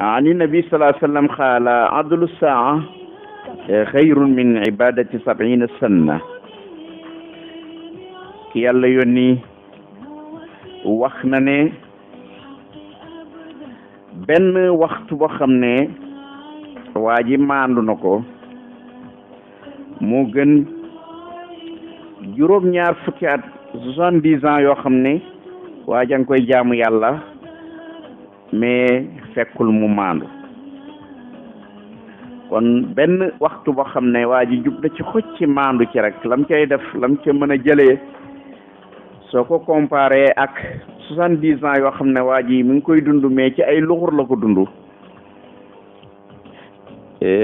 an nabi sallallahu alayhi wa sallam qaala adlu saa xayrun min ibadati sabina sanna ki yàlla yónni wax na ne benn waxtu boo xam ne waa ji maandu na ko moo gën juróom-ñaar fukki at soixante-dix yoo xam ne waa jang koy jaamu yàlla mais fekkul mu maandu kon benn waxtu boo xam ne waa ji jub na ci xoj ci maandu ci rek lam cay def lam ca mën a jëlee soo ko comparé ak soixante dix ans yoo xam ne waa ji mu ngi koy dund mais ci ay luxur la ko dund e,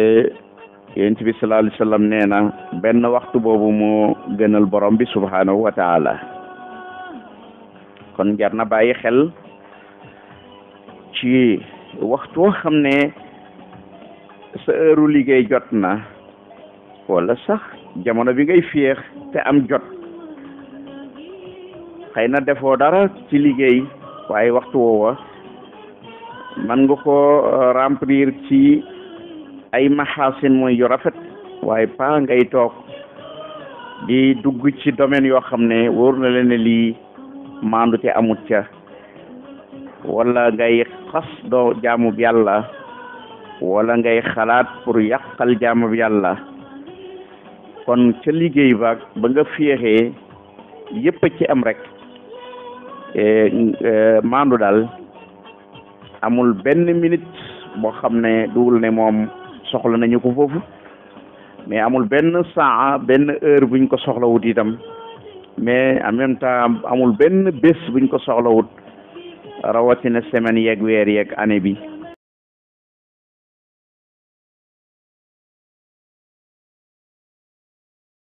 yonent bi sallallahu alayhi wa sallam nee na benn waxtu boobu moo gënal borom bi subhanahu wa taala kon jar na bàyyi xel ci waxtu woo xam ne sa heure liggéey jot na wala sax jamono bi ngay féex te am jot xëy na defoo dara ci liggéey waaye waxtu woowa man nga ko euh, remplir ci ay maxaasin mooy yu rafet waaye pa ngay toog di dugg ci domaine yoo xam ne wóor na leen ne lii maandu te amut ca wala ngay xasdoo jaamub yàlla wala ngay xalaat pour yàqal jaamub yàlla kon ca liggéey ba ba nga féexee yëpp ci am rek e, e, maandu daal amul benn minute boo xam ne dugul ne moom soxla nañu ko foofu mais amul benn saa benn heure buñ ko soxlawut itam mais en même temps amul benn bés buñ ko soxlawut rawatina semaine yeeg weer yeeg année bi